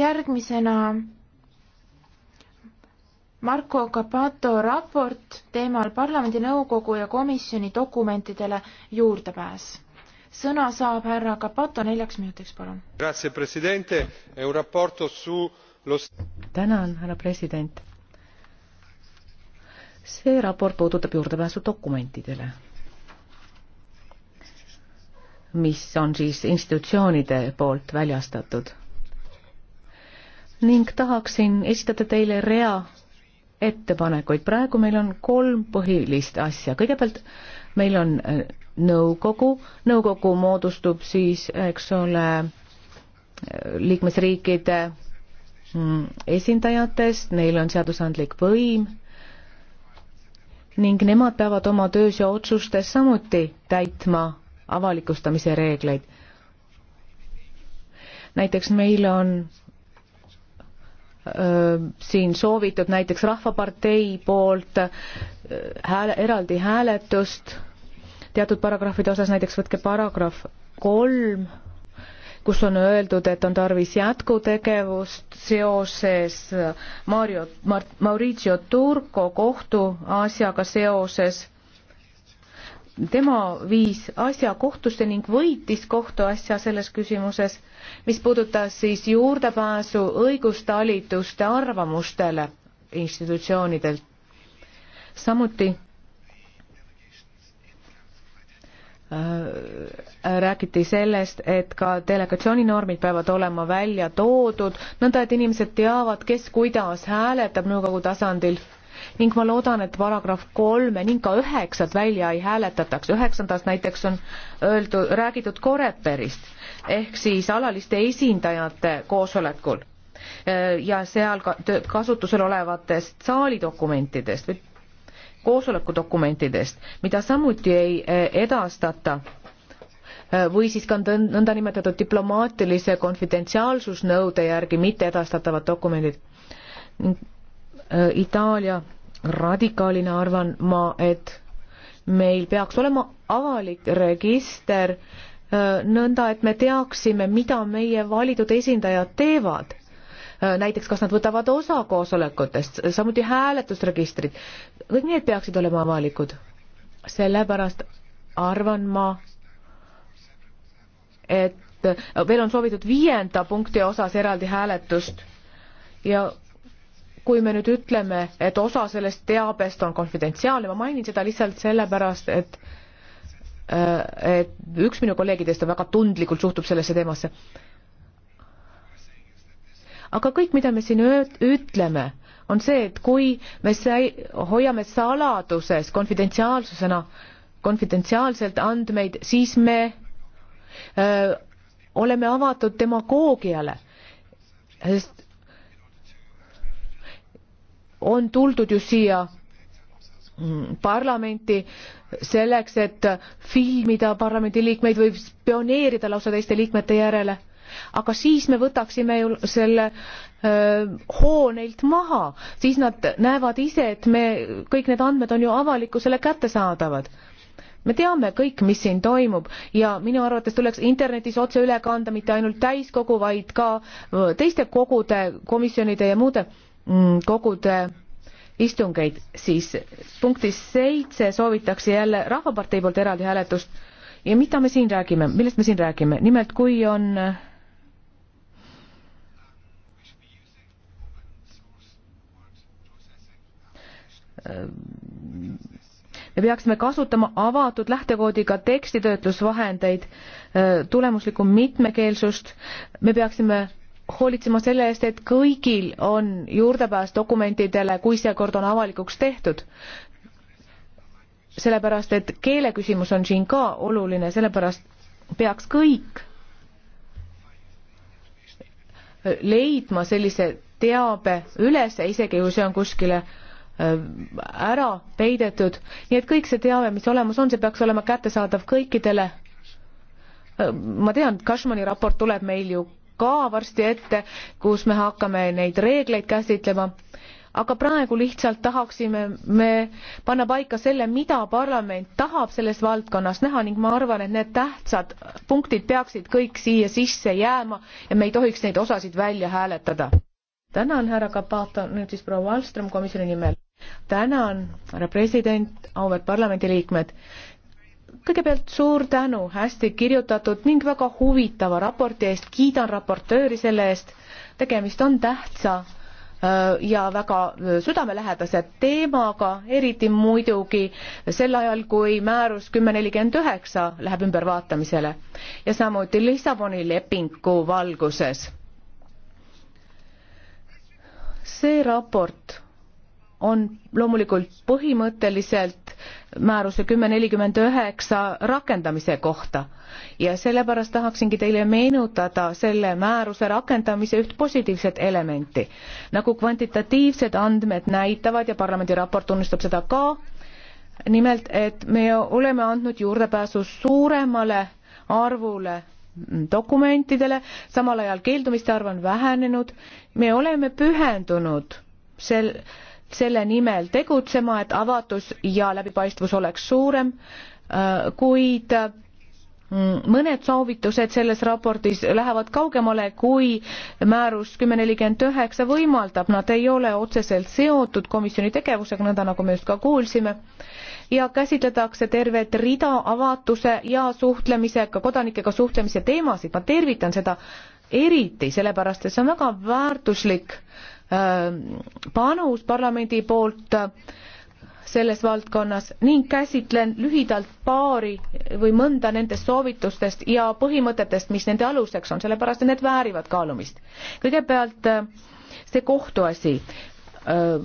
järgmisena Marco Capato raport teemal parlamendi nõukogu ja komisjoni dokumentidele juurdepääs. sõna saab härra Capato neljaks minutiks, palun. tänan, härra president. see raport puudutab juurdepääsu dokumentidele, mis on siis institutsioonide poolt väljastatud ning tahaksin esitada teile rea ettepanekuid. praegu meil on kolm põhilist asja. kõigepealt meil on äh, nõukogu, nõukogu moodustub siis, eks ole, liikmesriikide mm, esindajatest, neil on seadusandlik võim ning nemad peavad oma töös ja otsustes samuti täitma avalikustamise reegleid. näiteks meil on siin soovitud näiteks Rahvapartei poolt hääle, eraldi hääletust teatud paragrahvide osas, näiteks võtke paragrahv kolm, kus on öeldud, et on tarvis jätkutegevust seoses Mario, Maurizio Turco kohtuasjaga seoses tema viis asja kohtusse ning võitis kohtuasja selles küsimuses, mis puudutas siis juurdepääsu õigustalituste arvamustele institutsioonidelt. samuti äh, räägiti sellest, et ka delegatsiooninormid peavad olema välja toodud, nõnda et inimesed teavad, kes kuidas hääletab nõukogu tasandil ning ma loodan, et paragrahv kolme ning ka üheksat välja ei hääletataks. üheksandas näiteks on öeldu, räägitud Coreperist ehk siis alaliste esindajate koosolekul ja seal ka kasutusel olevatest saalidokumentidest või koosolekudokumentidest, mida samuti ei e, edastata või siis ka nõndanimetatud diplomaatilise konfidentsiaalsusnõude järgi mitte edastatavad dokumendid. Itaalia radikaalina arvan ma, et meil peaks olema avalik register äh, nõnda, et me teaksime, mida meie valitud esindajad teevad. Äh, näiteks, kas nad võtavad osa koosolekutest, samuti hääletusregistrid, kõik need peaksid olema avalikud. sellepärast arvan ma, et äh, veel on soovitud viienda punkti osas eraldi hääletust ja kui me nüüd ütleme, et osa sellest teabest on konfidentsiaalne, ma mainin seda lihtsalt sellepärast, et äh, et üks minu kolleegidest väga tundlikult suhtub sellesse teemasse. aga kõik, mida me siin ütleme, on see, et kui me sai, hoiame saladuses konfidentsiaalsusena, konfidentsiaalselt andmeid, siis me öö, äh, oleme avatud demagoogiale, sest on tuldud ju siia mm, parlamenti selleks, et filmida parlamendiliikmeid või spioneerida lausa teiste liikmete järele. aga siis me võtaksime ju selle öö, hoo neilt maha, siis nad näevad ise, et me, kõik need andmed on ju avalikkusele kättesaadavad me teame kõik, mis siin toimub ja minu arvates tuleks internetis otse üle kanda mitte ainult täiskogu, vaid ka teiste kogude, komisjonide ja muude Mm, kogude istungeid, siis punktis seitse soovitakse jälle Rahvapartei poolt eraldi hääletust ja mida me siin räägime, millest me siin räägime, nimelt kui on me peaksime kasutama avatud lähtekoodiga tekstitöötlusvahendeid, tulemuslikku mitmekeelsust, me peaksime hoolitsema selle eest, et kõigil on juurdepääs dokumentidele, kui see kord on avalikuks tehtud. sellepärast, et keeleküsimus on siin ka oluline, sellepärast peaks kõik leidma sellise teabe üles, isegi kui see on kuskile äh, ära peidetud, nii et kõik see teave, mis olemas on, see peaks olema kättesaadav kõikidele. Äh, ma tean, Cashmani raport tuleb meil ju ka varsti ette, kus me hakkame neid reegleid käsitlema. aga praegu lihtsalt tahaksime me panna paika selle, mida parlament tahab selles valdkonnas näha ning ma arvan, et need tähtsad punktid peaksid kõik siia sisse jääma ja me ei tohiks neid osasid välja hääletada. tänan, härra Kapato, nüüd siis proua Wallström komisjoni nimel. tänan, härra president, auväärt parlamendiliikmed kõigepealt suur tänu hästi kirjutatud ning väga huvitava raporti eest, kiidan raportööri selle eest, tegemist on tähtsa äh, ja väga äh, südamelähedase teemaga, eriti muidugi sel ajal, kui määrus kümme nelikümmend üheksa läheb ümbervaatamisele ja samuti Lissaboni lepingu valguses. see raport on loomulikult põhimõtteliselt määruse kümme nelikümmend üheksa rakendamise kohta ja sellepärast tahaksingi teile meenutada selle määruse rakendamise üht positiivset elementi. nagu kvantitatiivsed andmed näitavad ja parlamendi raport tunnistab seda ka, nimelt et me oleme andnud juurdepääsu suuremale arvule dokumentidele, samal ajal keeldumiste arv on vähenenud, me oleme pühendunud sel-, selle nimel tegutsema, et avatus ja läbipaistvus oleks suurem, äh, kuid mm, mõned soovitused selles raportis lähevad kaugemale, kui määrus kümme nelikümmend üheksa võimaldab, nad ei ole otseselt seotud komisjoni tegevusega, nõnda nagu me just ka kuulsime, ja käsitletakse tervet rida avatuse ja suhtlemisega, kodanikega suhtlemise teemasid, ma tervitan seda eriti, sellepärast et see on väga väärtuslik äh, Ähm, panus parlamendi poolt äh, selles valdkonnas ning käsitlen lühidalt paari või mõnda nendest soovitustest ja põhimõtetest, mis nende aluseks on, sellepärast et need väärivad kaalumist. kõigepealt äh, see kohtuasi äh,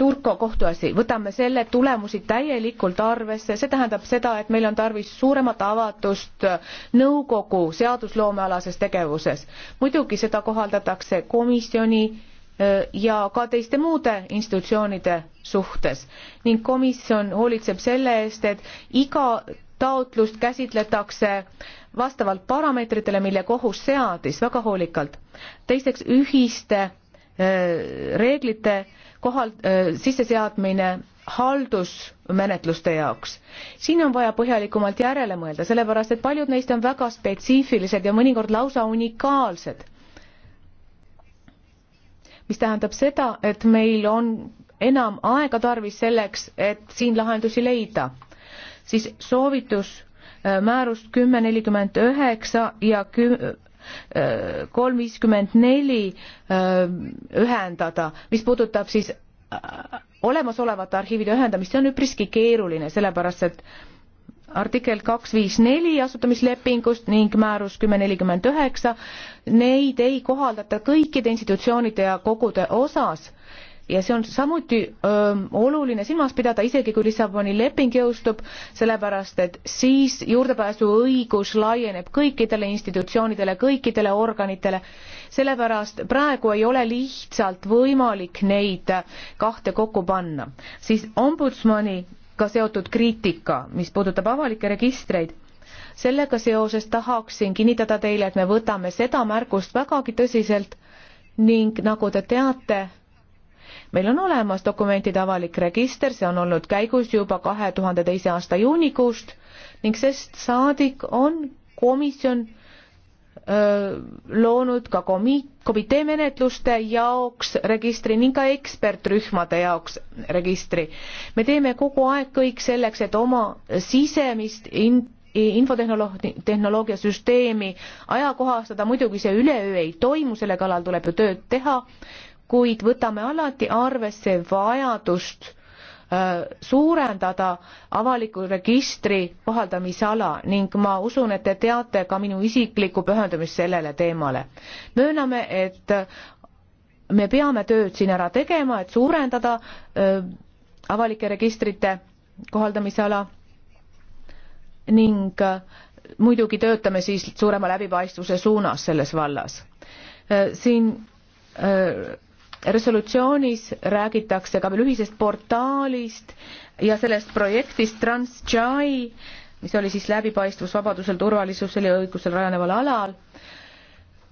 Turko kohtuasi, võtame selle tulemusi täielikult arvesse, see tähendab seda, et meil on tarvis suuremat avatust nõukogu seadusloomealases tegevuses. muidugi seda kohaldatakse komisjoni ja ka teiste muude institutsioonide suhtes ning komisjon hoolitseb selle eest, et iga taotlust käsitletakse vastavalt parameetritele, mille kohus seadis väga hoolikalt. teiseks ühiste reeglite kohal sisseseadmine haldusmenetluste jaoks. siin on vaja põhjalikumalt järele mõelda, sellepärast et paljud neist on väga spetsiifilised ja mõnikord lausa unikaalsed. mis tähendab seda, et meil on enam aega tarvis selleks, et siin lahendusi leida. siis soovitus määrust kümme nelikümmend üheksa ja küm-, kolm viiskümmend neli äh, ühendada, mis puudutab siis äh, olemasolevate arhiivide ühendamist, see on üpriski keeruline, sellepärast et artikkel kaks viis neli asutamislepingust ning määrus kümme nelikümmend üheksa neid ei kohaldata kõikide institutsioonide ja kogude osas ja see on samuti öö, oluline silmas pidada, isegi kui Lissaboni leping jõustub, sellepärast et siis juurdepääsuõigus laieneb kõikidele institutsioonidele, kõikidele organitele. sellepärast praegu ei ole lihtsalt võimalik neid kahte kokku panna. siis ombudsmaniga seotud kriitika, mis puudutab avalikke registreid, sellega seoses tahaksin kinnitada teile, et me võtame seda märkust vägagi tõsiselt ning nagu te teate, meil on olemas dokumentide avalik register, see on olnud käigus juba kahe tuhande teise aasta juunikuust ning sest saadik on komisjon öö, loonud ka komi-, komitee menetluste jaoks registri ning ka ekspertrühmade jaoks registri. me teeme kogu aeg kõik selleks, et oma sisemist in-, infotehnoloogia süsteemi ajakohastada, muidugi see üleöö ei toimu, selle kallal tuleb ju tööd teha kuid võtame alati arvesse vajadust äh, suurendada avaliku registri kohaldamisala ning ma usun, et te teate ka minu isiklikku pühendumist sellele teemale. mööname, et me peame tööd siin ära tegema, et suurendada äh, avalike registrite kohaldamisala ning äh, muidugi töötame siis suurema läbipaistvuse suunas selles vallas. Äh, siin äh, resolutsioonis räägitakse ka veel ühisest portaalist ja sellest projektist TransJai, mis oli siis läbipaistvus vabadusel, turvalisusel ja õigusel rajaneval alal,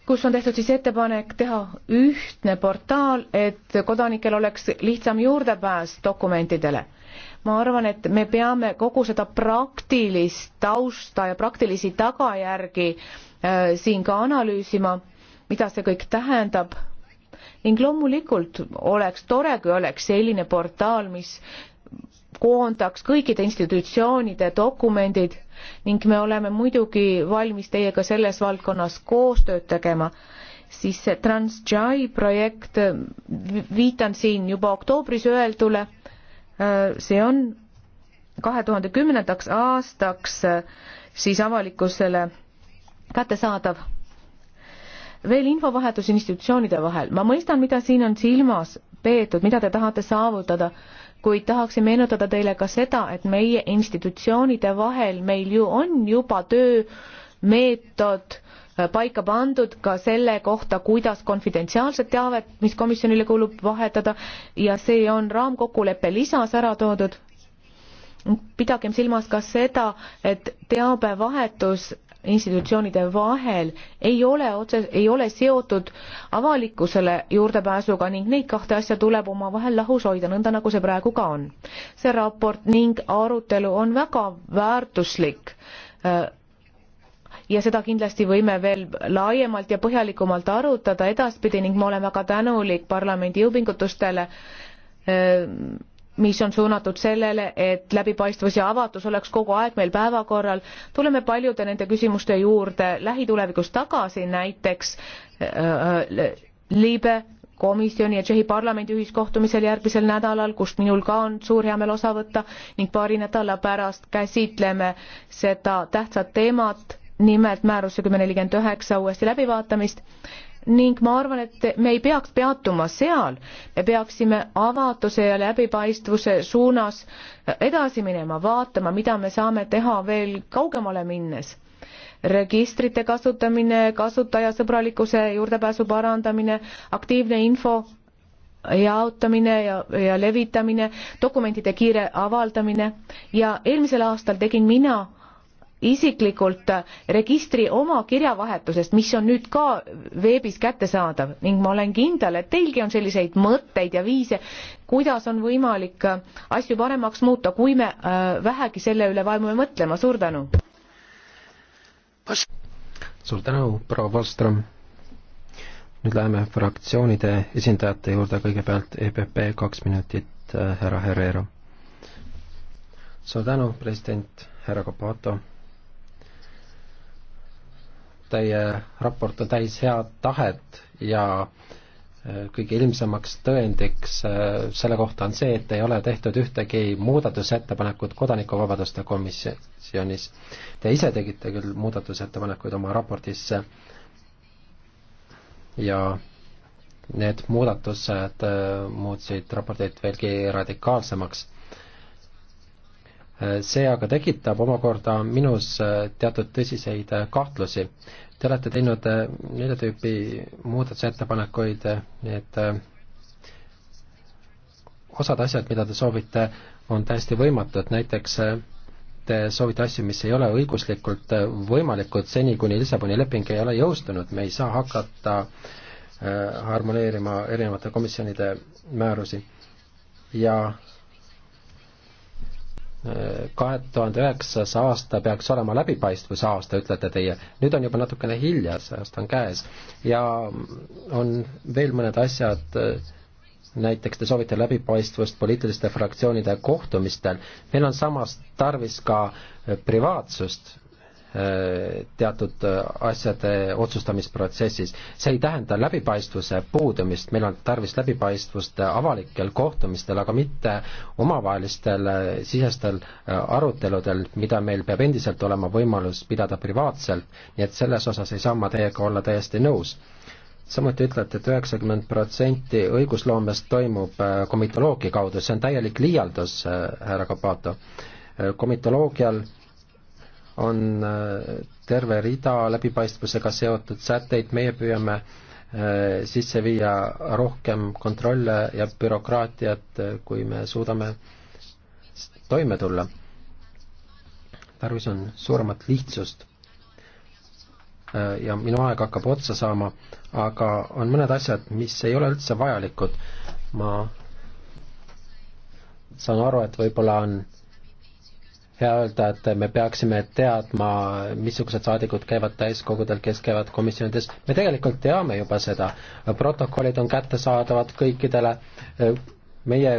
kus on tehtud siis ettepanek teha ühtne portaal, et kodanikel oleks lihtsam juurdepääs dokumentidele. ma arvan, et me peame kogu seda praktilist tausta ja praktilisi tagajärgi äh, siin ka analüüsima, mida see kõik tähendab ning loomulikult oleks tore, kui oleks selline portaal, mis koondaks kõikide institutsioonide dokumendid ning me oleme muidugi valmis teiega selles valdkonnas koostööd tegema, siis see TransJai projekt, viitan siin juba oktoobris öeldule, see on kahe tuhande kümnendaks aastaks siis avalikkusele kättesaadav veel infovahetus institutsioonide vahel. ma mõistan, mida siin on silmas peetud, mida te tahate saavutada, kuid tahaksin meenutada teile ka seda, et meie institutsioonide vahel meil ju on juba töömeetod äh, paika pandud ka selle kohta, kuidas konfidentsiaalset teavet, mis komisjonile kuulub, vahetada ja see on raamkokkuleppe lisas ära toodud. pidagem silmas ka seda, et teabevahetus institutsioonide vahel ei ole otse, ei ole seotud avalikkusele juurdepääsuga ning neid kahte asja tuleb omavahel lahus hoida, nõnda nagu see praegu ka on. see raport ning arutelu on väga väärtuslik äh, ja seda kindlasti võime veel laiemalt ja põhjalikumalt arutada edaspidi ning ma olen väga tänulik parlamendi jõupingutustele äh, mis on suunatud sellele, et läbipaistvus ja avatus oleks kogu aeg meil päevakorral. tuleme paljude nende küsimuste juurde lähitulevikus tagasi, näiteks äh, äh liibe komisjoni ja Tšehhi parlamendi ühiskohtumisel järgmisel nädalal, kust minul ka on suur heameel osa võtta ning paari nädala pärast käsitleme seda tähtsat teemat, nimelt määruse kümme nelikümmend üheksa uuesti läbivaatamist ning ma arvan, et me ei peaks peatuma seal, me peaksime avatuse ja läbipaistvuse suunas edasi minema, vaatama, mida me saame teha veel kaugemale minnes registrite kasutamine, kasutajasõbralikkuse juurdepääsu parandamine, aktiivne info jaotamine ja, ja levitamine, dokumentide kiire avaldamine ja eelmisel aastal tegin mina isiklikult registri oma kirjavahetusest, mis on nüüd ka veebis kättesaadav ning ma olen kindel, et teilgi on selliseid mõtteid ja viise, kuidas on võimalik asju paremaks muuta, kui me äh, vähegi selle üle vaimume mõtlema, suur tänu! suur tänu, proua Valström! nüüd läheme fraktsioonide esindajate juurde, kõigepealt EPP kaks minutit, äh, härra Herrero. suur tänu, president, härra Kapato teie raport on täis head tahet ja äh, kõige ilmsemaks tõendiks äh, selle kohta on see, et ei ole tehtud ühtegi muudatusettepanekut Kodanikuvabaduste komisjonis. Te ise tegite küll muudatusettepanekuid oma raportisse ja need muudatused äh, muutsid raporteid veelgi radikaalsemaks Äh, see aga tekitab omakorda minus äh, teatud tõsiseid äh, kahtlusi. Te olete teinud nelja tüüpi muudatusettepanekuid, need osad asjad, mida te soovite, on täiesti võimatud, näiteks te soovite asju, mis ei ole õiguslikult võimalikud seni, kuni Lissaboni leping ei ole jõustunud, me ei saa hakata harmoneerima erinevate komisjonide määrusi. ja kahe tuhande üheksas aasta peaks olema läbipaistvuse aasta, ütlete teie. nüüd on juba natukene hilja, see aasta on käes ja on veel mõned asjad, näiteks te soovite läbipaistvust poliitiliste fraktsioonide kohtumistel. meil on samas tarvis ka privaatsust teatud äh, asjade otsustamisprotsessis. see ei tähenda läbipaistvuse puudumist, meil on tarvis läbipaistvust avalikel kohtumistel, aga mitte omavahelistel äh, sisestel äh, aruteludel, mida meil peab endiselt olema võimalus pidada privaatselt, nii et selles osas ei saa ma teiega olla täiesti nõus samuti ütlete et, et üheksakümmend protsenti õigusloomest toimub komitoloogia kaudu, see on täielik liialdus, härra Kapato. komitoloogial äh, on äh, terve rida läbipaistvusega seotud sätteid, meie püüame äh, sisse viia rohkem kontrolle ja bürokraatiat, äh, kui me suudame toime tulla. tarvis on suuremat lihtsust. ja minu aeg hakkab otsa saama, aga on mõned asjad, mis ei ole üldse vajalikud. ma saan aru, et võib-olla on ja öelda, et me peaksime teadma, missugused saadikud käivad täiskogudel, kes käivad komisjonides. me tegelikult teame juba seda, protokollid on kättesaadavad kõikidele, meie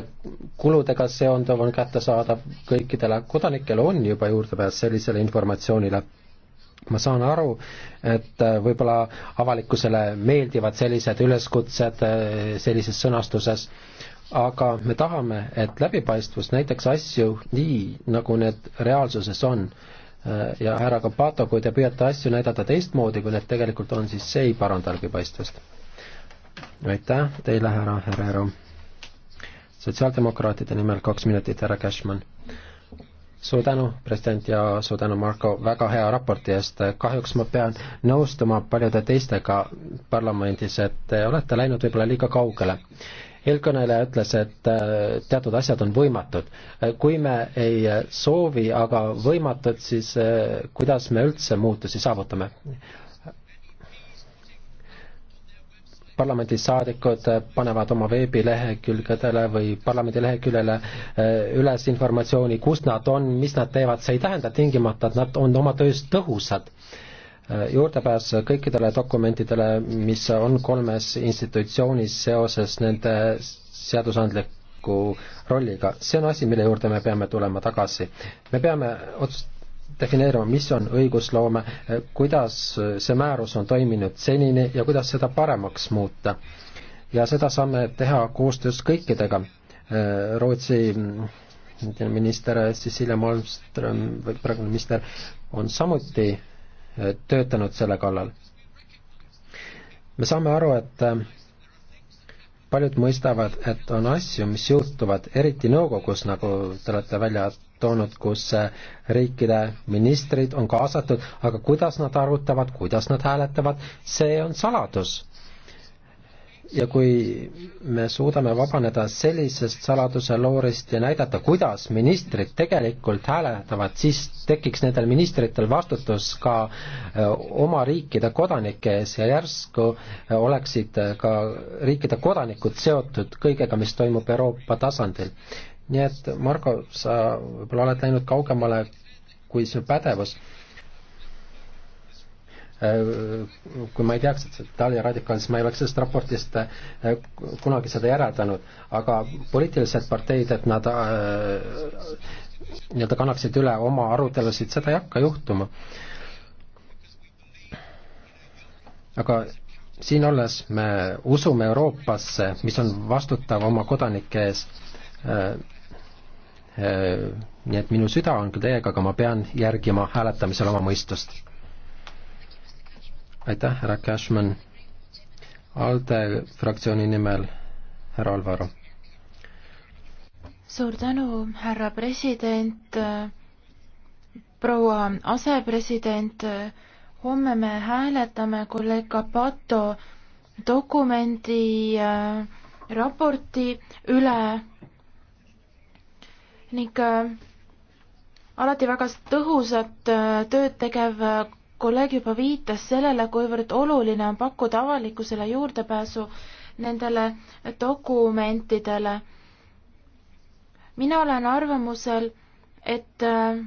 kuludega seonduv on kättesaadav kõikidele, kodanikel on juba juurdepääs sellisele informatsioonile ma saan aru, et võib-olla avalikkusele meeldivad sellised üleskutsed sellises sõnastuses aga me tahame, et läbipaistvus näitaks asju nii, nagu need reaalsuses on. ja härra Kapato, kui te püüate asju näidata teistmoodi, kui need tegelikult on, siis see ei paranda läbipaistvust. aitäh teile, härra Herrero. sotsiaaldemokraatide nimel kaks minutit, härra Cashman. suur tänu, president, ja suur tänu, Marko, väga hea raporti eest. kahjuks ma pean nõustuma paljude teistega parlamendis, et te olete läinud võib-olla liiga kaugele eelkõneleja ütles, et äh, teatud asjad on võimatud. Äh, kui me ei äh, soovi aga võimatut, siis kuidas me üldse muutusi saavutame? parlamendisaadikud panevad oma veebilehekülgedele või parlamendi leheküljele üles informatsiooni, kus nad on, mis nad teevad, see ei tähenda tingimata, et nad on oma töös tõhusad Äh, juurdepääs kõikidele dokumentidele, mis on kolmes institutsioonis seoses nende seadusandliku rolliga, see on asi, mille juurde me peame tulema tagasi. me peame ots-, defineerima, mis on õigusloome, äh, kuidas see määrus on toiminud senini ja kuidas seda paremaks muuta. ja seda saame teha koostöös kõikidega, äh, Rootsi mm, minister Cecilia Malmström, praegune minister, on samuti Äh, töötanud selle kallal. me saame aru, et äh, paljud mõistavad, et on asju, mis juhtuvad, eriti nõukogus, nagu te olete välja toonud, kus äh, riikide ministrid on kaasatud, aga kuidas nad arutavad, kuidas nad hääletavad, see on saladus ja kui me suudame vabaneda sellisest saladuse loorist ja näidata, kuidas ministrid tegelikult hääletavad, siis tekiks nendel ministritel vastutus ka eh, oma riikide kodanike ees ja järsku eh, oleksid eh, ka riikide kodanikud seotud kõigega, mis toimub Euroopa tasandil. nii et Margo, sa võib-olla oled läinud kaugemale kui su pädevus Äh, kui ma ei teaks, et see Itaalia radikaal, siis ma ei oleks sellest raportist äh, kunagi seda järeldanud, aga poliitilised parteid, et nad äh, nii-öelda kannaksid üle oma arutelusid, seda ei hakka juhtuma. aga siin olles me usume Euroopasse, mis on vastutav oma kodanike ees. nii et minu süda on küll teiega, aga ma pean järgima hääletamisel oma mõistust aitäh, härra Cashman. ALDE fraktsiooni nimel härra Alvaro. suur tänu, härra president, proua asepresident. homme me hääletame kolleeg Capato dokumendi äh, raporti üle ning äh, alati väga tõhusat äh, tööd tegev kolleeg juba viitas sellele, kuivõrd oluline on pakkuda avalikkusele juurdepääsu nendele dokumentidele. mina olen arvamusel, et äh,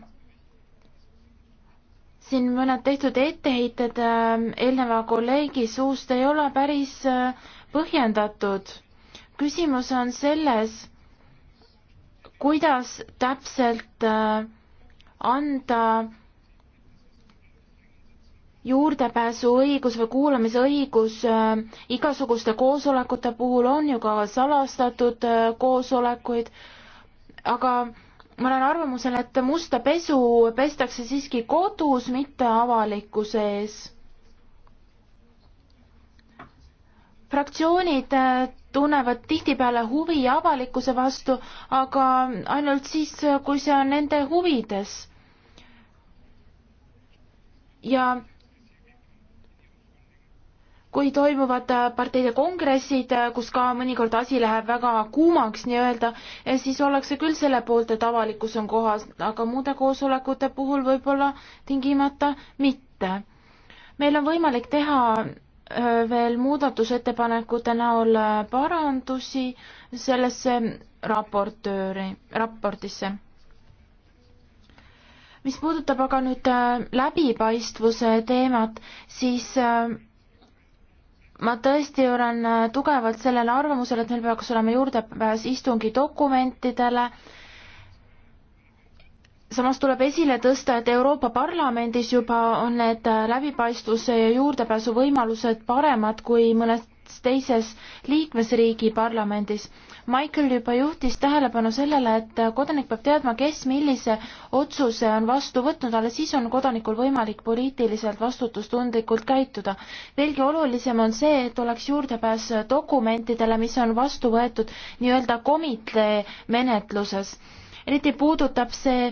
siin mõned tehtud etteheited äh, eelneva kolleegi suust ei ole päris äh, põhjendatud. küsimus on selles, kuidas täpselt äh, anda äh, juurdepääsuõigus või kuulamisõigus äh, igasuguste koosolekute puhul on ju ka salastatud äh, koosolekuid, aga ma olen arvamusel, et musta pesu pestakse siiski kodus, mitte avalikkuse ees. fraktsioonid äh, tunnevad tihtipeale huvi avalikkuse vastu, aga ainult siis, kui see on nende huvides. ja kui toimuvad äh, parteide kongressid, äh, kus ka mõnikord asi läheb väga kuumaks nii-öelda, eh, siis ollakse küll selle poolt, et avalikkus on kohas, aga muude koosolekute puhul võib-olla tingimata mitte. meil on võimalik teha äh, veel muudatusettepanekute näol parandusi sellesse raportööri, raportisse mis puudutab aga nüüd läbipaistvuse teemat, siis ma tõesti olen äh, tugevalt sellele arvamusele, et meil peaks olema juurdepääs istungi dokumentidele. samas tuleb esile tõsta, et Euroopa Parlamendis juba on need äh, läbipaistvuse ja juurdepääsu võimalused paremad kui mõnes teises liikmesriigi parlamendis Michael juba juhtis tähelepanu sellele, et kodanik peab teadma, kes millise otsuse on vastu võtnud, alles siis on kodanikul võimalik poliitiliselt vastutustundlikult käituda. veelgi olulisem on see, et oleks juurdepääs dokumentidele, mis on vastu võetud nii-öelda komitee menetluses. eriti puudutab see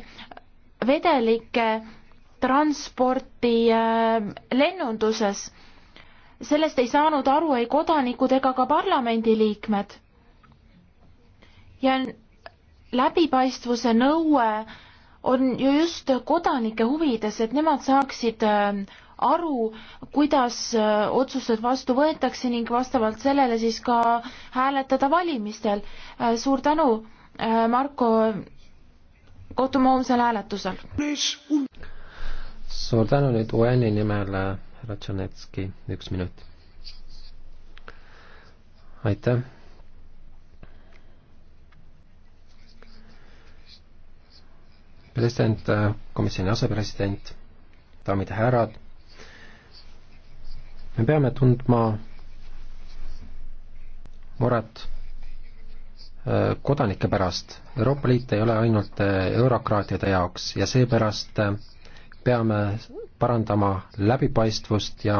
vedelike transporti äh, lennunduses sellest ei saanud aru ei kodanikud ega ka parlamendiliikmed ja läbipaistvuse nõue on ju just kodanike huvides, et nemad saaksid äh, aru, kuidas äh, otsused vastu võetakse ning vastavalt sellele siis ka hääletada valimistel. Äh, suur tänu, Marko, kohtume homsel hääletusel. suur tänu nüüd UN-i nimel, härra Tšernetski, üks minut. aitäh president, komisjoni asepresident, daamid ja härrad, me peame tundma muret äh, kodanike pärast. Euroopa Liit ei ole ainult äh, eurokraatide jaoks ja seepärast äh, peame parandama läbipaistvust ja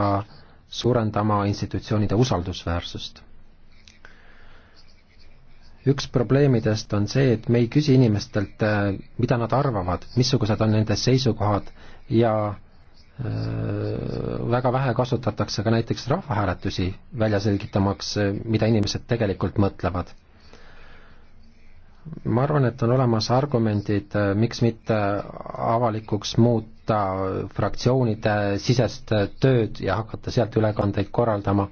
suurendama institutsioonide usaldusväärsust üks probleemidest on see, et me ei küsi inimestelt, äh, mida nad arvavad, missugused on nende seisukohad ja äh, väga vähe kasutatakse ka näiteks rahvahääletusi välja selgitamaks, äh, mida inimesed tegelikult mõtlevad. ma arvan, et on olemas argumendid, miks mitte avalikuks muuta fraktsioonide sisest tööd ja hakata sealt ülekandeid korraldama,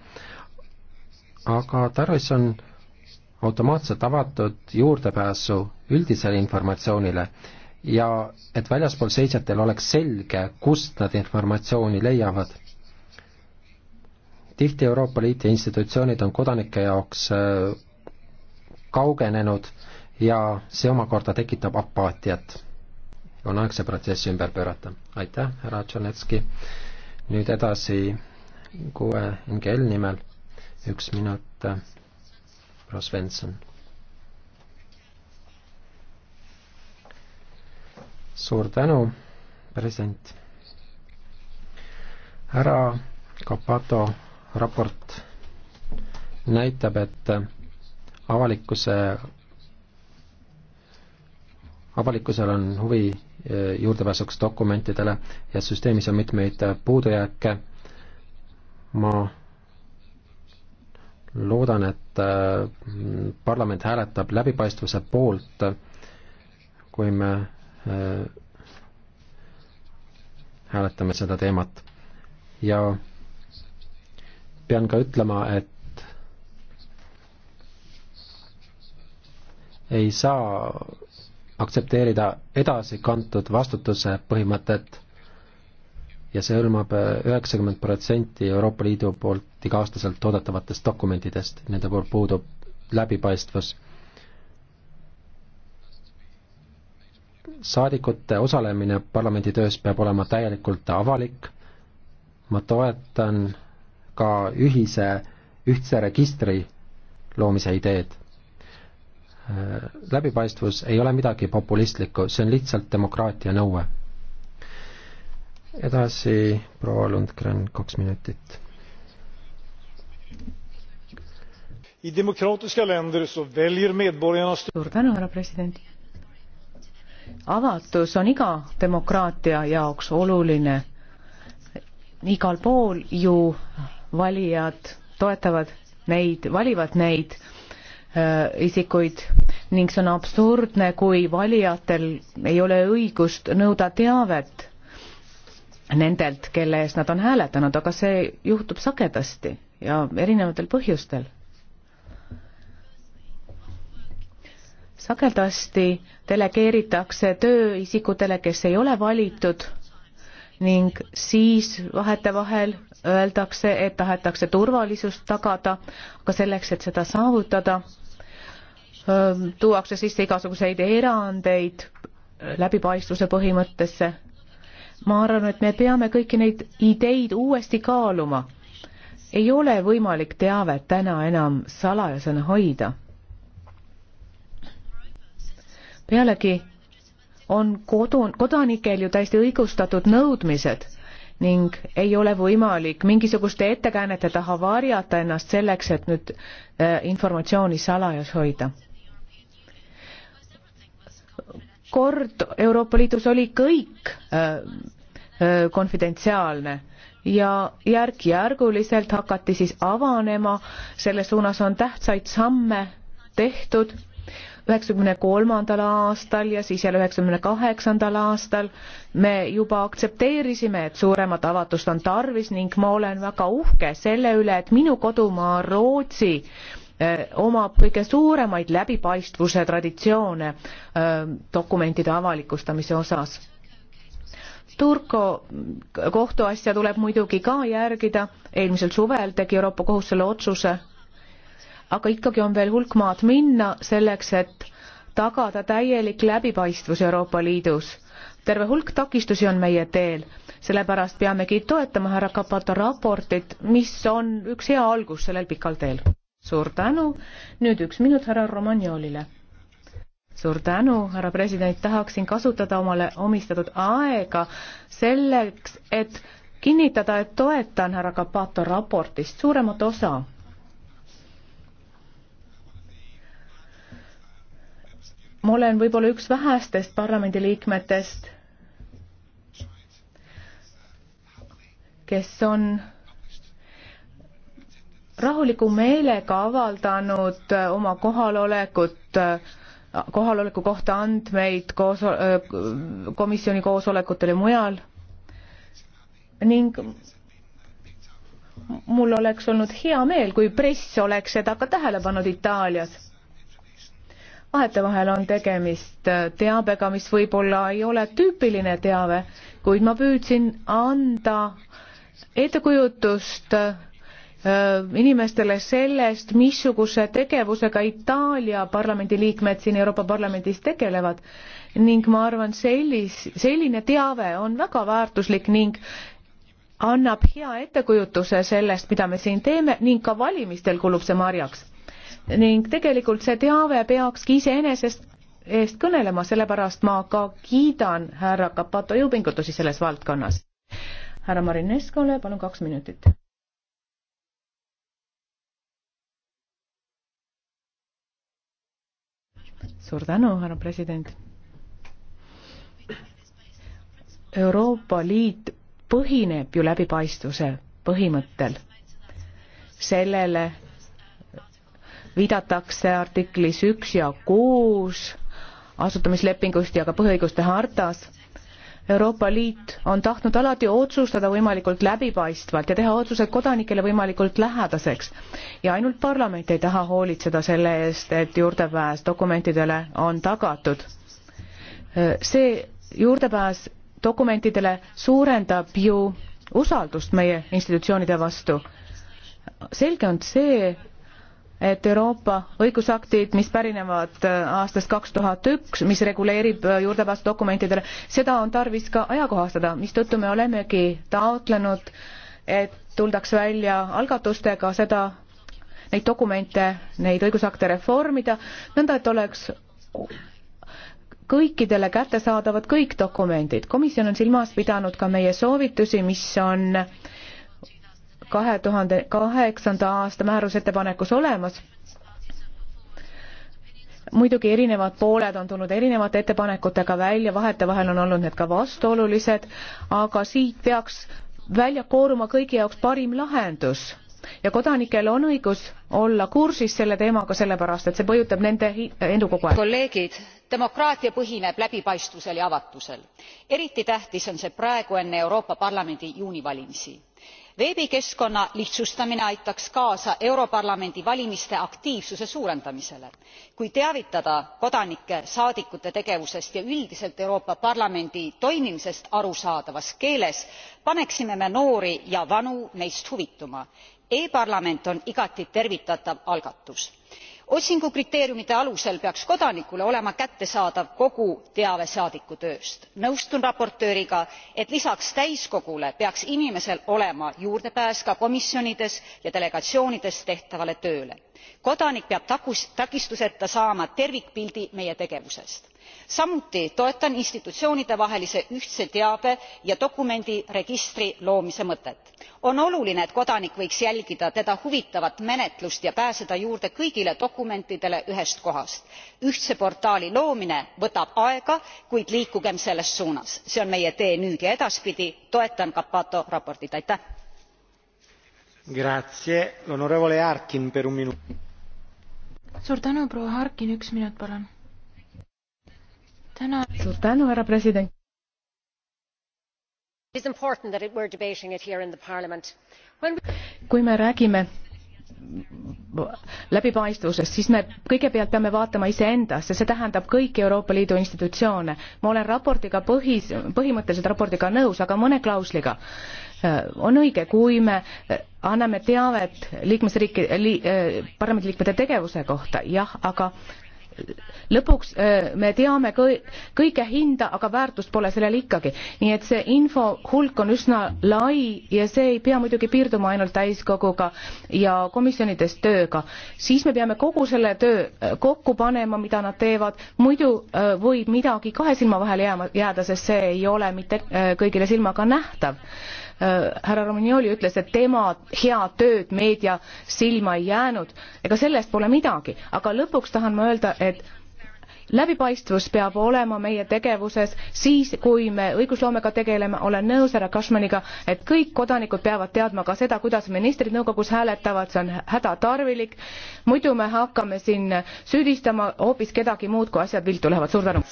aga tarvis on äh, automaatselt avatud juurdepääsu üldisele informatsioonile ja et väljaspool seisjatel oleks selge, kust nad informatsiooni leiavad. tihti Euroopa Liit ja institutsioonid on kodanike jaoks äh, kaugenenud ja see omakorda tekitab apaatiat. on aeg see protsess ümber pöörata. aitäh, härra Tšernetski. nüüd edasi kuue NGL nimel üks minut äh, proua Svensson. suur tänu, president. härra Kapato raport näitab, et avalikkuse, avalikkusel on huvi eh, juurdepääsuks dokumentidele ja süsteemis on mitmeid puudujääke. ma loodan, et Äh, parlament hääletab läbipaistvuse poolt, kui me äh, hääletame seda teemat. ja pean ka ütlema, et ei saa aktsepteerida edasikantud vastutuse põhimõtet ja see hõlmab äh, üheksakümmend protsenti Euroopa Liidu poolt iga-aastaselt toodetavatest dokumentidest, nende puhul puudub läbipaistvus. saadikute osalemine parlamendi töös peab olema täielikult avalik, ma toetan ka ühise, ühtse registri loomise ideed. Äh, läbipaistvus ei ole midagi populistlikku, see on lihtsalt demokraatia nõue edasi proua Lundgren, kaks minutit. suur tänu, härra president. avatus on iga demokraatia jaoks oluline. igal pool ju valijad toetavad neid, valivad neid äh, isikuid ning see on absurdne, kui valijatel ei ole õigust nõuda teavet nendelt, kelle eest nad on hääletanud, aga see juhtub sagedasti ja erinevatel põhjustel. sagedasti delegeeritakse töö isikutele, kes ei ole valitud ning siis vahetevahel öeldakse, et tahetakse turvalisust tagada, aga selleks, et seda saavutada, tuuakse sisse igasuguseid erandeid läbipaistvuse põhimõttesse ma arvan, et me peame kõiki neid ideid uuesti kaaluma. ei ole võimalik teavet täna enam salajasena hoida. pealegi on kodun-, kodanikel ju täiesti õigustatud nõudmised ning ei ole võimalik mingisuguste ettekäänete taha varjata ennast selleks, et nüüd äh, informatsiooni salajas hoida kord Euroopa Liidus oli kõik äh, äh, konfidentsiaalne ja järk-järguliselt hakati siis avanema, selles suunas on tähtsaid samme tehtud üheksakümne kolmandal aastal ja siis jälle üheksakümne kaheksandal aastal me juba aktsepteerisime, et suuremat avatust on tarvis ning ma olen väga uhke selle üle, et minu kodumaa Rootsi äh, omab kõige suuremaid läbipaistvuse traditsioone dokumentide avalikustamise osas. Turko kohtuasja tuleb muidugi ka järgida, eelmisel suvel tegi Euroopa Kohus selle otsuse, aga ikkagi on veel hulk maad minna selleks, et tagada täielik läbipaistvus Euroopa Liidus. terve hulk takistusi on meie teel, sellepärast peamegi toetama härra Kapato raportit, mis on üks hea algus sellel pikal teel suur tänu, nüüd üks minut härra Romagnolile. suur tänu, härra president, tahaksin kasutada omale omistatud aega selleks, et kinnitada, et toetan härra Kapato raportist suuremat osa. ma olen võib-olla üks vähestest parlamendiliikmetest, kes on rahuliku meelega avaldanud äh, oma kohalolekut, äh, kohaloleku kohta andmeid koos, äh, komisjoni koosolekutel ja mujal ning mul oleks olnud hea meel, kui press oleks seda ka tähele pannud Itaalias. vahetevahel on tegemist teabega, mis võib-olla ei ole tüüpiline teave, kuid ma püüdsin anda ettekujutust Äh, inimestele sellest, missuguse tegevusega Itaalia parlamendi liikmed siin Euroopa Parlamendis tegelevad ning ma arvan, sellis, selline teave on väga väärtuslik ning annab hea ettekujutuse sellest, mida me siin teeme ning ka valimistel kulub see marjaks. ning tegelikult see teave peakski iseenesest eest kõnelema, sellepärast ma ka kiidan härra Kapato jõupingutusi selles valdkonnas. härra Marineskole palun kaks minutit suur tänu, härra president. Euroopa Liit põhineb ju läbipaistvuse põhimõttel. sellele viidatakse artiklis üks ja kuus asutamislepingust ja ka põhiõiguste hartas Euroopa Liit on tahtnud alati otsustada võimalikult läbipaistvalt ja teha otsused kodanikele võimalikult lähedaseks. ja ainult parlament ei taha hoolitseda selle eest, et juurdepääs dokumentidele on tagatud. see juurdepääs dokumentidele suurendab ju usaldust meie institutsioonide vastu. selge on see, et Euroopa õigusaktid, mis pärinevad äh, aastast kaks tuhat üks, mis reguleerib äh, juurdepääsu dokumentidele, seda on tarvis ka ajakohastada, mistõttu me olemegi taotlenud, et tuldaks välja algatustega seda, neid dokumente, neid õigusakte reformida, nõnda et oleks kõikidele kättesaadavad kõik dokumendid. komisjon on silmas pidanud ka meie soovitusi, mis on äh, kahe tuhande kaheksanda aasta määrusettepanekus olemas. muidugi erinevad pooled on tulnud erinevate ettepanekutega välja, vahetevahel on olnud need ka vastuolulised, aga siit peaks välja kooruma kõigi jaoks parim lahendus ja kodanikel on õigus olla kursis selle teemaga sellepärast et see mõjutab nende elu kogu aeg. kolleegid demokraatia põhineb läbipaistvusel ja avatusel eriti tähtis on see praegu enne euroopa parlamendi juunivalimisi veebikeskkonna lihtsustamine aitaks kaasa europarlamendi valimiste aktiivsuse suurendamisele kui teavitada kodanikke saadikute tegevusest ja üldiselt euroopa parlamendi toimimisest arusaadavas keeles paneksime me noori ja vanu neist huvituma. e parlament on igati tervitatav algatus otsingu kriteeriumide alusel peaks kodanikule olema kättesaadav kogu teave saadiku tööst. nõustun raportööriga et lisaks täiskogule peaks inimesel olema juurdepääs ka komisjonides ja delegatsioonides tehtavale tööle. kodanik peab takistuseta saama tervikpildi meie tegevusest samuti toetan institutsioonidevahelise ühtse teabe ja dokumendiregistri loomise mõtet. on oluline et kodanik võiks jälgida teda huvitavat menetlust ja pääseda juurde kõigile dokumentidele ühest kohast. ühtse portaali loomine võtab aega kuid liikugem selles suunas see on meie tee nüüd ja edaspidi. toetan cappato raportit. suur tänu proua harkin üks minut palun! tänan. suur tänu, härra president. kui me räägime läbipaistvusest, siis me kõigepealt peame vaatama iseendasse, see tähendab kõiki Euroopa Liidu institutsioone. ma olen raportiga põhis, põhimõtteliselt raportiga nõus, aga mõne klausliga. Äh, on õige, kui me äh, anname teavet liikmesriiki li,, äh, parlamendiliikmete tegevuse kohta, jah, aga äh, lõpuks äh, me teame kõige hinda, aga väärtust pole sellel ikkagi. nii et see info hulk on üsna lai ja see ei pea muidugi piirduma ainult täiskoguga ja komisjonides tööga. siis me peame kogu selle töö äh, kokku panema, mida nad teevad, muidu äh, võib midagi kahe silma vahele jääma, jääda, sest see ei ole mitte kõigile silmaga nähtav Äh, härra Romagnoli ütles, et tema head tööd meedia silma ei jäänud, ega sellest pole midagi, aga lõpuks tahan ma öelda, et läbipaistvus peab olema meie tegevuses siis kui me õigusloomega tegeleme olen nõus härra cashmaniga et kõik kodanikud peavad teadma ka seda kuidas ministrid nõukogus hääletavad see on hädatarvilik muidu me hakkame siin süüdistama hoopis kedagi muud kui asjad viltu lähevad suur tänu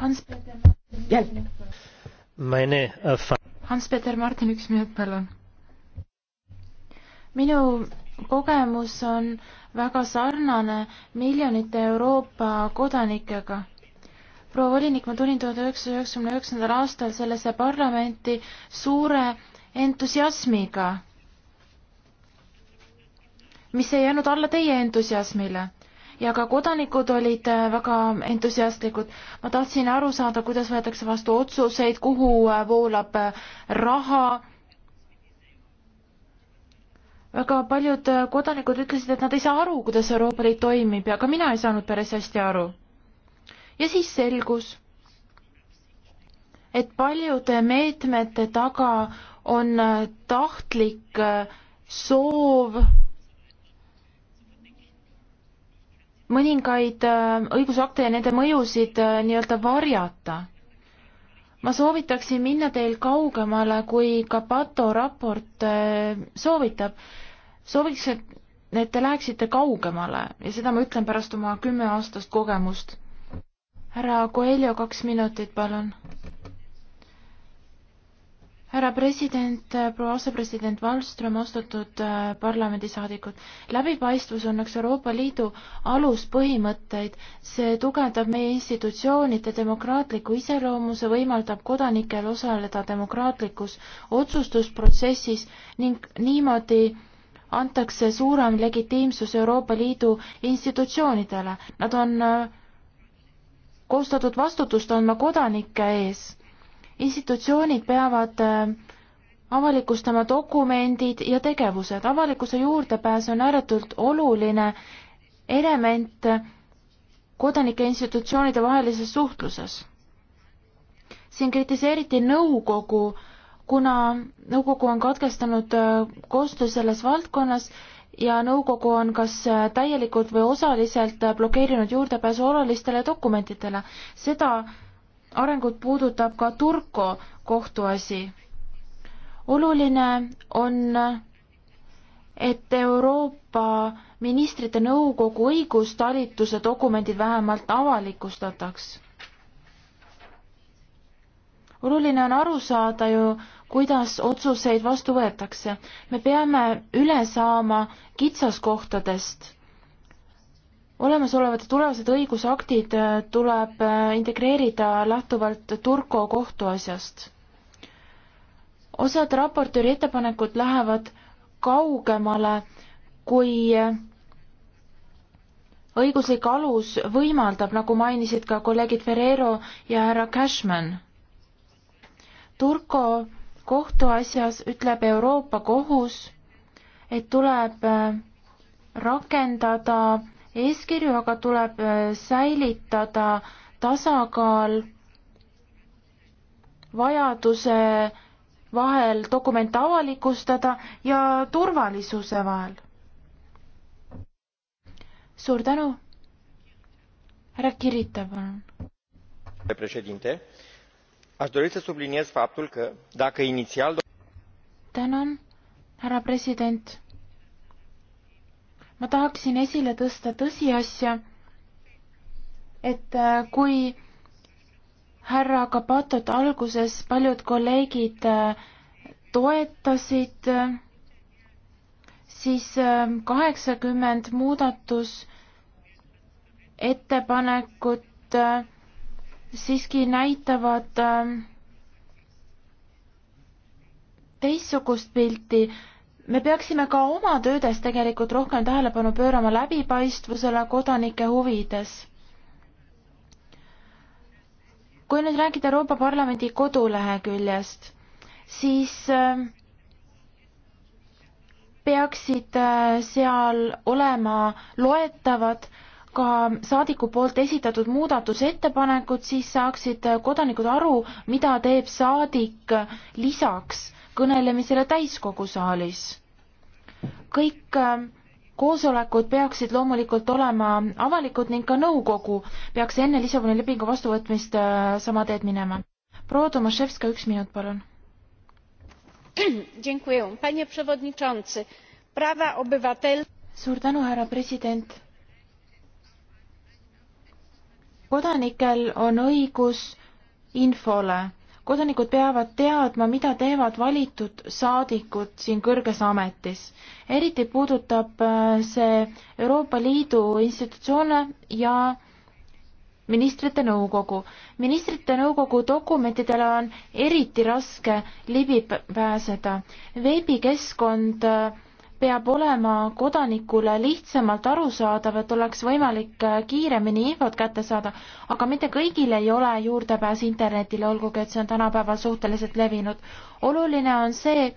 Hans-Peter Martin, jälg. Äh, Hans-Peter Martin, üks minut, palun. minu kogemus on väga sarnane miljonite Euroopa kodanikega. proua volinik, ma tulin tuhande üheksasaja üheksakümne üheksandal aastal sellesse parlamenti suure entusiasmiga, mis ei jäänud alla teie entusiasmile ja ka kodanikud olid äh, väga entusiastlikud. ma tahtsin aru saada, kuidas võetakse vastu otsuseid, kuhu äh, voolab äh, raha. väga paljud kodanikud ütlesid, et nad ei saa aru, kuidas Euroopa Liit toimib ja ka mina ei saanud päris hästi aru. ja siis selgus, et paljude meetmete taga on tahtlik soov mõningaid äh, õigusakte ja nende mõjusid äh, nii-öelda varjata. ma soovitaksin minna teil kaugemale, kui Kapato raport äh, soovitab. sooviks, et te läheksite kaugemale ja seda ma ütlen pärast oma kümneaastast kogemust. härra Coelho, kaks minutit, palun härra president, äh, proua asepresident Wallström, austatud äh, parlamendisaadikud. läbipaistvus on üks Euroopa Liidu aluspõhimõtteid. see tugevdab meie institutsioonide demokraatliku iseloomu, see võimaldab kodanikel osaleda demokraatlikus otsustusprotsessis ning niimoodi antakse suurem legitiimsus Euroopa Liidu institutsioonidele. Nad on äh, koostatud vastutust andma kodanike ees institutsioonid peavad äh, avalikustama dokumendid ja tegevused. avalikkuse juurdepääs on ääretult oluline element kodanike institutsioonide vahelises suhtluses. siin kritiseeriti nõukogu, kuna nõukogu on katkestanud äh, koostöö selles valdkonnas ja nõukogu on kas äh, täielikult või osaliselt blokeerinud juurdepääsu olulistele dokumentidele. seda arengut puudutab ka Turko kohtuasi. oluline on, et Euroopa ministrite nõukogu õigustalituse dokumendid vähemalt avalikustataks. oluline on aru saada ju, kuidas otsuseid vastu võetakse. me peame üle saama kitsaskohtadest olemasolevad tulevased õigusaktid äh, tuleb äh, integreerida lähtuvalt Turko kohtuasjast. osad raportööri ettepanekud lähevad kaugemale, kui äh, õiguslik alus võimaldab, nagu mainisid ka kolleegid Ferrero ja härra Cashman. Turko kohtuasjas ütleb Euroopa Kohus, et tuleb rakendada eeskirju, aga tuleb äh, säilitada tasakaal vajaduse vahel dokumente avalikustada ja turvalisuse vahel. suur tänu. härra Kirita, palun. președinte, aș dori să subliniez faptul că dacă inițial. tänan, härra president ma tahaksin esile tõsta tõsiasja, et äh, kui härra Kapatot alguses paljud kolleegid äh, toetasid, äh, siis kaheksakümmend muudatusettepanekut siiski näitavad teistsugust pilti me peaksime ka oma töödes tegelikult rohkem tähelepanu pöörama läbipaistvusele kodanike huvides. kui nüüd rääkida Euroopa Parlamendi koduleheküljest, siis äh, peaksid äh, seal olema loetavad ka saadiku poolt esitatud muudatusettepanekud, siis saaksid äh, kodanikud aru, mida teeb saadik lisaks kõnelemisele täiskogu saalis. kõik äh, koosolekud peaksid loomulikult olema avalikud ning ka nõukogu peaks enne Lissaboni lepingu vastuvõtmist äh, sama teed minema. proua Tomaševska, üks minut, palun. suur tänu, härra president. kodanikel on õigus infole kodanikud peavad teadma, mida teevad valitud saadikud siin kõrges ametis. eriti puudutab äh, see Euroopa Liidu institutsioone ja ministrite nõukogu. ministrite nõukogu dokumentidele on eriti raske ligi pääseda. veebikeskkond äh, peab olema kodanikule lihtsamalt arusaadav, et oleks võimalik äh, kiiremini infot kätte saada, aga mitte kõigil ei ole juurdepääs internetile, olgugi et see on tänapäeval suhteliselt levinud. oluline on see,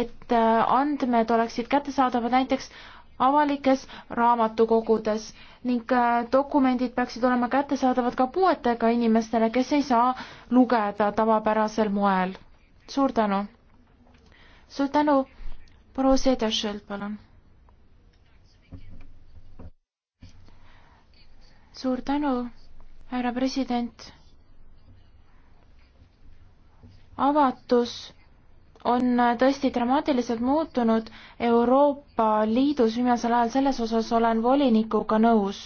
et äh, andmed oleksid kättesaadavad näiteks avalikes raamatukogudes ning äh, dokumendid peaksid olema kättesaadavad ka puuetega inimestele, kes ei saa lugeda tavapärasel moel. suur tänu! suur tänu! proua Sederschild, palun. suur tänu, härra president. avatus on tõesti dramaatiliselt muutunud Euroopa Liidus viimasel ajal, selles osas olen volinikuga nõus.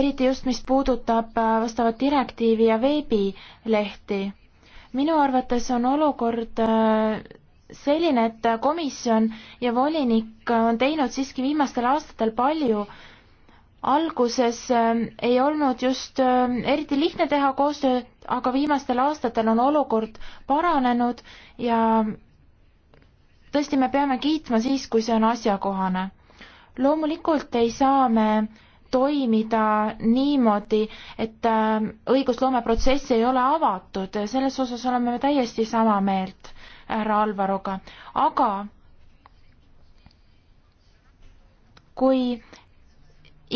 eriti just, mis puudutab vastavat direktiivi ja veebilehti minu arvates on olukord äh, selline, et komisjon ja volinik on teinud siiski viimastel aastatel palju. alguses äh, ei olnud just äh, eriti lihtne teha koostööd, aga viimastel aastatel on olukord paranenud ja tõesti, me peame kiitma siis, kui see on asjakohane. loomulikult ei saa me toimida niimoodi, et äh, õigusloomeprotsess ei ole avatud, selles osas oleme me täiesti sama meelt härra Alvaroga, aga kui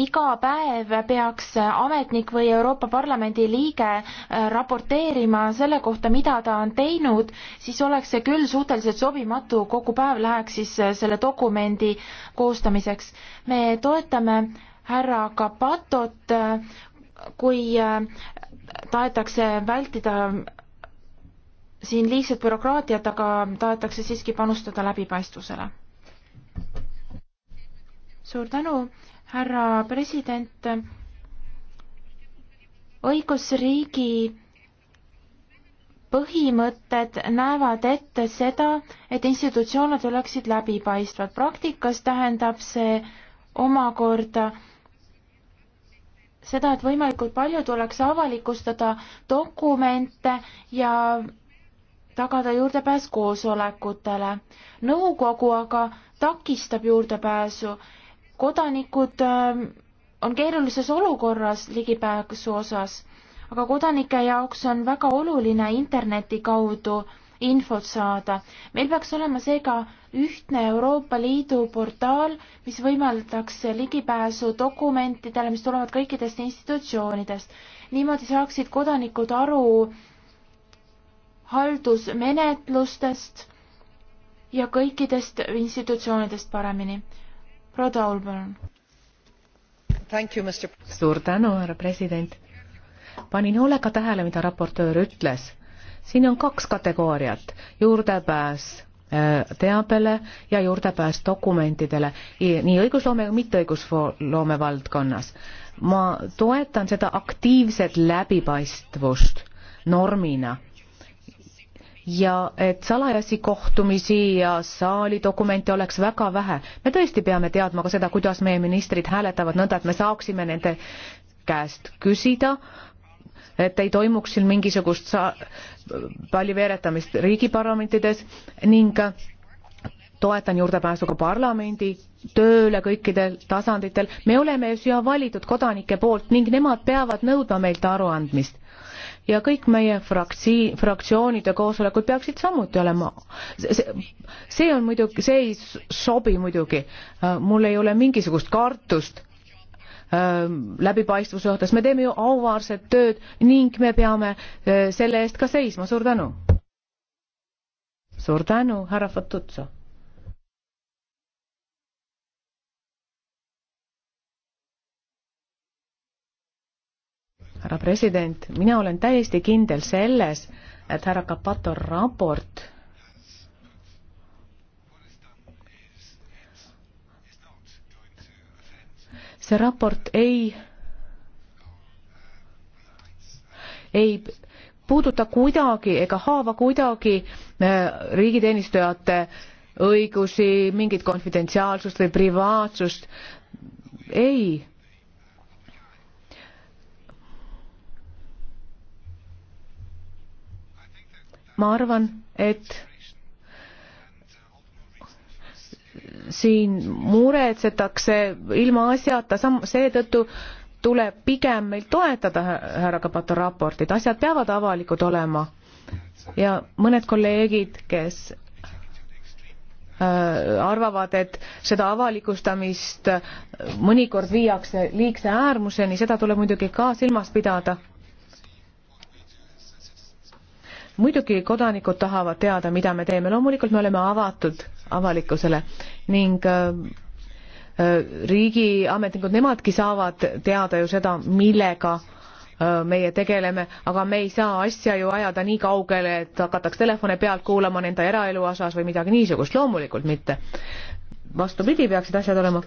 iga päev peaks ametnik või Euroopa Parlamendi liige äh, raporteerima selle kohta, mida ta on teinud, siis oleks see küll suhteliselt sobimatu, kogu päev läheks siis äh, selle dokumendi koostamiseks. me toetame härra Kapatot, kui äh, tahetakse vältida siin liigset bürokraatiat, aga tahetakse siiski panustada läbipaistvusele. suur tänu, härra president. õigusriigi põhimõtted näevad ette seda, et institutsioonid oleksid läbipaistvad. praktikas tähendab see omakorda seda, et võimalikult palju tuleks avalikustada dokumente ja tagada juurdepääs koosolekutele. nõukogu aga takistab juurdepääsu. kodanikud ähm, on keerulises olukorras ligipääsu osas, aga kodanike jaoks on väga oluline interneti kaudu infot saada. meil peaks olema seega ühtne Euroopa Liidu portaal, mis võimaldaks ligipääsu dokumentidele, mis tulevad kõikidest institutsioonidest. niimoodi saaksid kodanikud aru haldusmenetlustest ja kõikidest institutsioonidest paremini. proua Taul, palun. suur tänu, härra president. panin hoolega tähele, mida raportöör ütles siin on kaks kategooriat, juurdepääs äh, teabele ja juurdepääs dokumentidele nii õigusloome kui mitteõigusloome valdkonnas. ma toetan seda aktiivset läbipaistvust normina ja et salajasi kohtumisi ja saalidokumente oleks väga vähe. me tõesti peame teadma ka seda, kuidas meie ministrid hääletavad, nõnda et me saaksime nende käest küsida, et ei toimuks siin mingisugust sa-, palli veeretamist riigiparlamentides ning toetan juurdepääsu ka parlamendi tööle kõikidel tasanditel. me oleme ju siia valitud kodanike poolt ning nemad peavad nõudma meilt aruandmist. ja kõik meie fraktsi-, fraktsioonide koosolekud peaksid samuti olema. see on muidugi, see ei sobi muidugi. mul ei ole mingisugust kartust Ähm, läbipaistvuse suhtes, me teeme ju auväärset tööd ning me peame äh, selle eest ka seisma, suur tänu. suur tänu, härra Fatutso. härra president, mina olen täiesti kindel selles, et härra Kapato raport see raport ei, ei puuduta kuidagi ega haava kuidagi äh, riigiteenistujate õigusi, mingit konfidentsiaalsust või privaatsust. ei. ma arvan, et siin muretsetakse ilma asjata, seetõttu tuleb pigem meil toetada härra Kapato raportit, asjad peavad avalikud olema. ja mõned kolleegid, kes äh, arvavad, et seda avalikustamist mõnikord viiakse liigse äärmuseni, seda tuleb muidugi ka silmas pidada muidugi kodanikud tahavad teada, mida me teeme, loomulikult me oleme avatud avalikkusele ning äh, äh, riigiametnikud, nemadki saavad teada ju seda, millega äh, meie tegeleme, aga me ei saa asja ju ajada nii kaugele, et hakataks telefone pealt kuulama nende eraelu osas või midagi niisugust, loomulikult mitte. vastupidi, peaksid asjad olema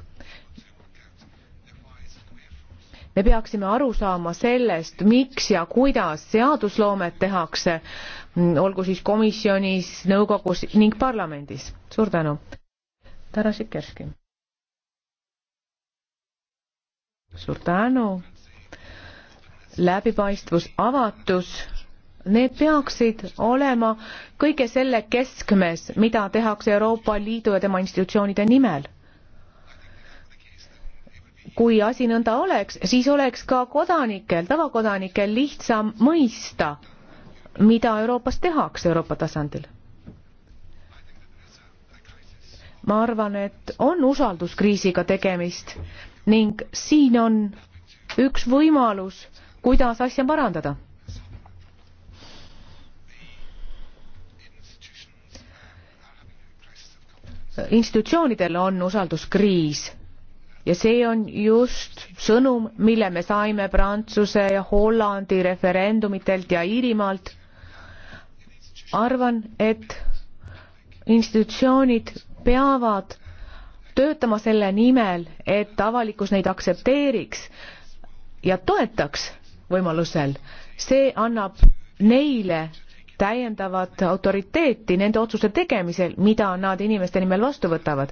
me peaksime aru saama sellest, miks ja kuidas seadusloomet tehakse, olgu siis komisjonis, nõukogus ning parlamendis. suur tänu. Tara Sikerski. suur tänu. läbipaistvus, avatus, need peaksid olema kõige selle keskmes, mida tehakse Euroopa Liidu ja tema institutsioonide nimel kui asi nõnda oleks, siis oleks ka kodanikel, tavakodanikel lihtsam mõista, mida Euroopas tehakse Euroopa tasandil. ma arvan, et on usalduskriisiga tegemist ning siin on üks võimalus, kuidas asja parandada institutsioonidel on usalduskriis ja see on just sõnum, mille me saime Prantsuse ja Hollandi referendumitelt ja Iirimaalt. arvan, et institutsioonid peavad töötama selle nimel, et avalikkus neid aktsepteeriks ja toetaks võimalusel. see annab neile täiendavat autoriteeti nende otsuste tegemisel, mida nad inimeste nimel vastu võtavad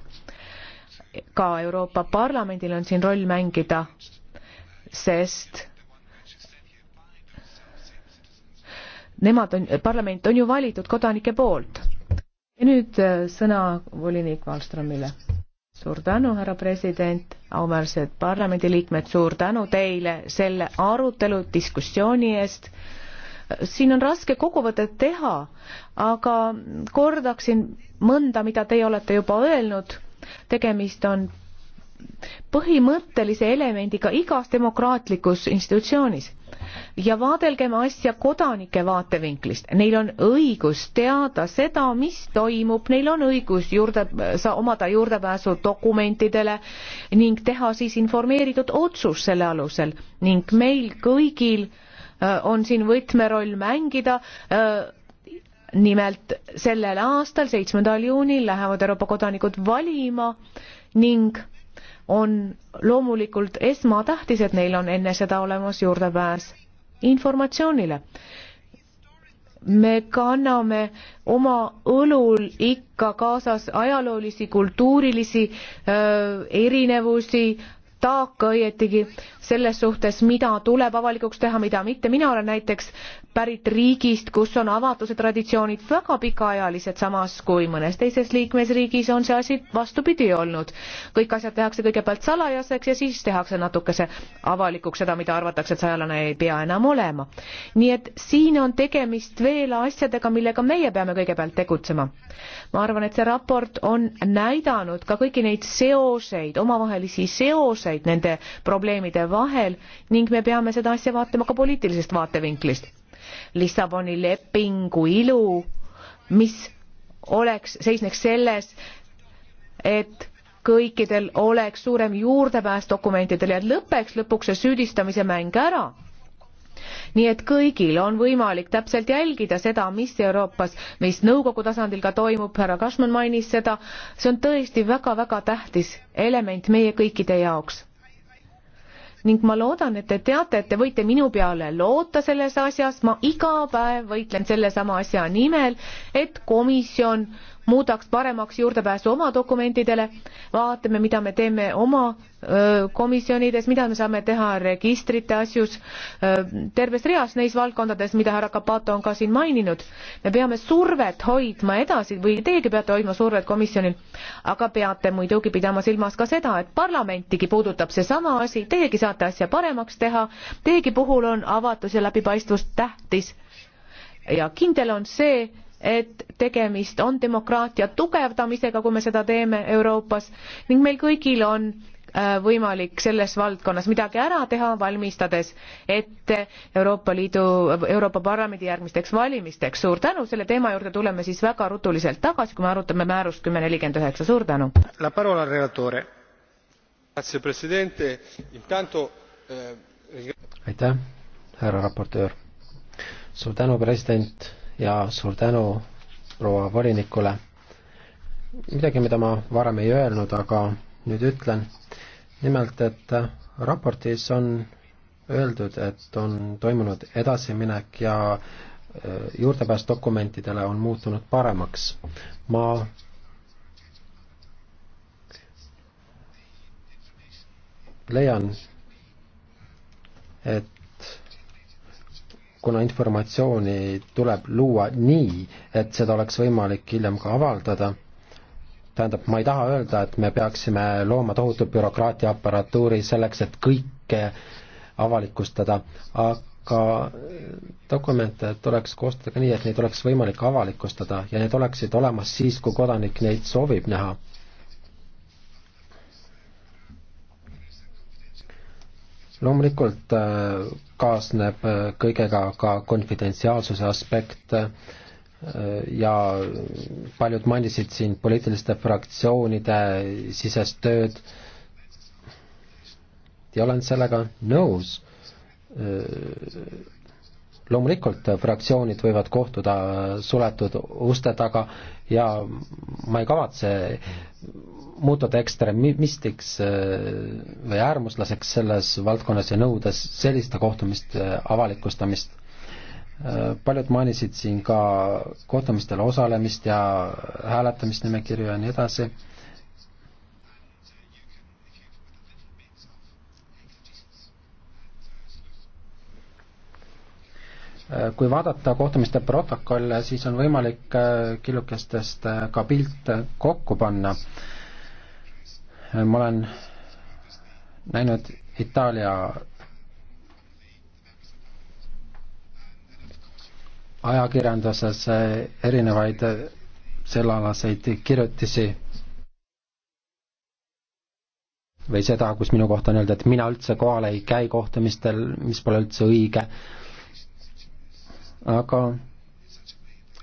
ka Euroopa Parlamendil on siin roll mängida, sest nemad on, parlament on ju valitud kodanike poolt. ja nüüd äh, sõna volinik Wallströmile. suur tänu, härra president, auväärsed parlamendiliikmed, suur tänu teile selle arutelu, diskussiooni eest. siin on raske kokkuvõtet teha, aga kordaksin mõnda, mida teie olete juba öelnud tegemist on põhimõttelise elemendiga igas demokraatlikus institutsioonis. ja vaadelgem asja kodanike vaatevinklist, neil on õigus teada seda, mis toimub, neil on õigus juurde, sa omada juurdepääsu dokumentidele ning teha siis informeeritud otsus selle alusel ning meil kõigil äh, on siin võtmeroll mängida äh, nimelt sellel aastal, seitsmendal juunil lähevad Euroopa kodanikud valima ning on loomulikult esmatähtis, et neil on enne seda olemas juurdepääs informatsioonile. me kanname oma õlul ikka kaasas ajaloolisi, kultuurilisi öö, erinevusi, taak õietigi selles suhtes, mida tuleb avalikuks teha, mida mitte. mina olen näiteks pärit riigist, kus on avatuse traditsioonid väga pikaajalised, samas kui mõnes teises liikmesriigis on see asi vastupidi olnud. kõik asjad tehakse kõigepealt salajaseks ja siis tehakse natukese avalikuks seda, mida arvatakse, et salajane ei pea enam olema. nii et siin on tegemist veel asjadega, millega meie peame kõigepealt tegutsema. ma arvan, et see raport on näidanud ka kõiki neid seoseid, omavahelisi seoseid, seoseid nende probleemide vahel ning me peame seda asja vaatama ka poliitilisest vaatevinklist. Lissaboni lepingu ilu, mis oleks, seisneks selles, et kõikidel oleks suurem juurdepääs dokumentidele ja lõpeks lõpuks see süüdistamise mäng ära nii et kõigil on võimalik täpselt jälgida seda, mis Euroopas, mis nõukogu tasandil ka toimub, härra Kašman mainis seda, see on tõesti väga-väga tähtis element meie kõikide jaoks ning ma loodan, et te teate, et te võite minu peale loota selles asjas, ma iga päev võitlen sellesama asja nimel, et komisjon muudaks paremaks juurdepääsu oma dokumentidele, vaatame, mida me teeme oma öö, komisjonides, mida me saame teha registrite asjus, terves reas neis valdkondades, mida härra Kapato on ka siin maininud. me peame survet hoidma edasi või teiegi peate hoidma survet komisjonil, aga peate muidugi pidama silmas ka seda, et parlamentigi puudutab seesama asi, teiegi saate asja paremaks teha, teiegi puhul on avatus ja läbipaistvus tähtis. ja kindel on see, et tegemist on demokraatia tugevdamisega, kui me seda teeme Euroopas ning meil kõigil on äh, võimalik selles valdkonnas midagi ära teha, valmistades ette Euroopa Liidu, Euroopa Parlamendi järgmisteks valimisteks. suur tänu, selle teema juurde tuleme siis väga rutuliselt tagasi, kui me arutame määrust kümme nelikümmend üheksa, suur tänu. Eh, aitäh, härra raportöör. suur tänu, president ja suur tänu proua volinikule. midagi, mida ma varem ei öelnud, aga nüüd ütlen. nimelt, et raportis on öeldud, et on toimunud edasiminek ja e, juurdepääs dokumentidele on muutunud paremaks. ma leian, et kuna informatsiooni tuleb luua nii, et seda oleks võimalik hiljem ka avaldada, tähendab, ma ei taha öelda, et me peaksime looma tohutu bürokraatia aparatuuri selleks, et kõike avalikustada, aga dokumente tuleks koostada ka nii, et neid oleks võimalik avalikustada ja need oleksid olemas siis, kui kodanik neid soovib näha loomulikult äh, kaasneb äh, kõigega ka konfidentsiaalsuse aspekt äh, ja paljud mainisid siin poliitiliste fraktsioonide sisest tööd ja olen sellega nõus. loomulikult fraktsioonid võivad kohtuda suletud uste taga ja ma ei kavatse muutuda ekstremistiks äh, või äärmuslaseks selles valdkonnas ja nõudes selliste kohtumiste äh, avalikustamist. Äh, paljud mainisid siin ka kohtumistel osalemist ja hääletamisnimekirju ja nii edasi. kui vaadata kohtumiste protokolle, siis on võimalik killukestest ka pilt kokku panna ma olen näinud Itaalia ajakirjanduses erinevaid sellealaseid kirjutisi või seda, kus minu kohta on öelda, et mina üldse kohal ei käi kohtumistel, mis pole üldse õige. aga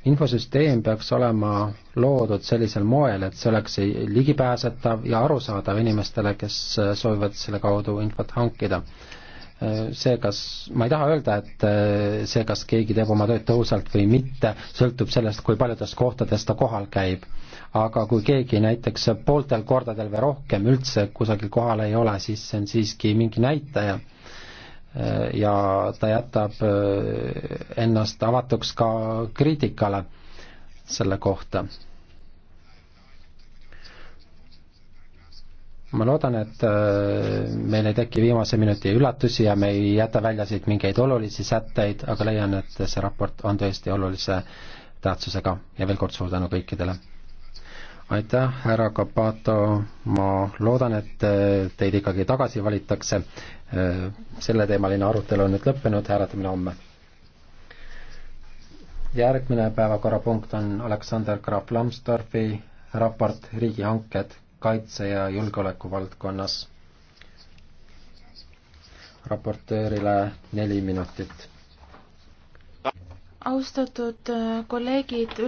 infosüsteem peaks olema loodud sellisel moel, et see oleks ligipääsetav ja arusaadav inimestele, kes soovivad selle kaudu infot hankida. see, kas, ma ei taha öelda, et see, kas keegi teeb oma tööd tõhusalt või mitte, sõltub sellest, kui paljudes kohtades ta kohal käib. aga kui keegi näiteks pooltel kordadel või rohkem üldse kusagil kohal ei ole, siis see on siiski mingi näitaja Äh, ja ta jätab äh, ennast avatuks ka kriitikale selle kohta. ma loodan, et äh, meil ei teki viimase minuti üllatusi ja me ei jäta välja siit mingeid olulisi sätteid, aga leian, et see raport on tõesti olulise tähtsusega ja veel kord suur tänu kõikidele aitäh, härra Kapato, ma loodan, et teid ikkagi tagasi valitakse. Äh, selleteemaline arutelu on nüüd lõppenud, hääletamine homme. järgmine päevakorrapunkt on Aleksander Graf-Lambsdorfi raport riigihanked kaitse- ja julgeoleku valdkonnas. raportöörile neli minutit. austatud äh, kolleegid,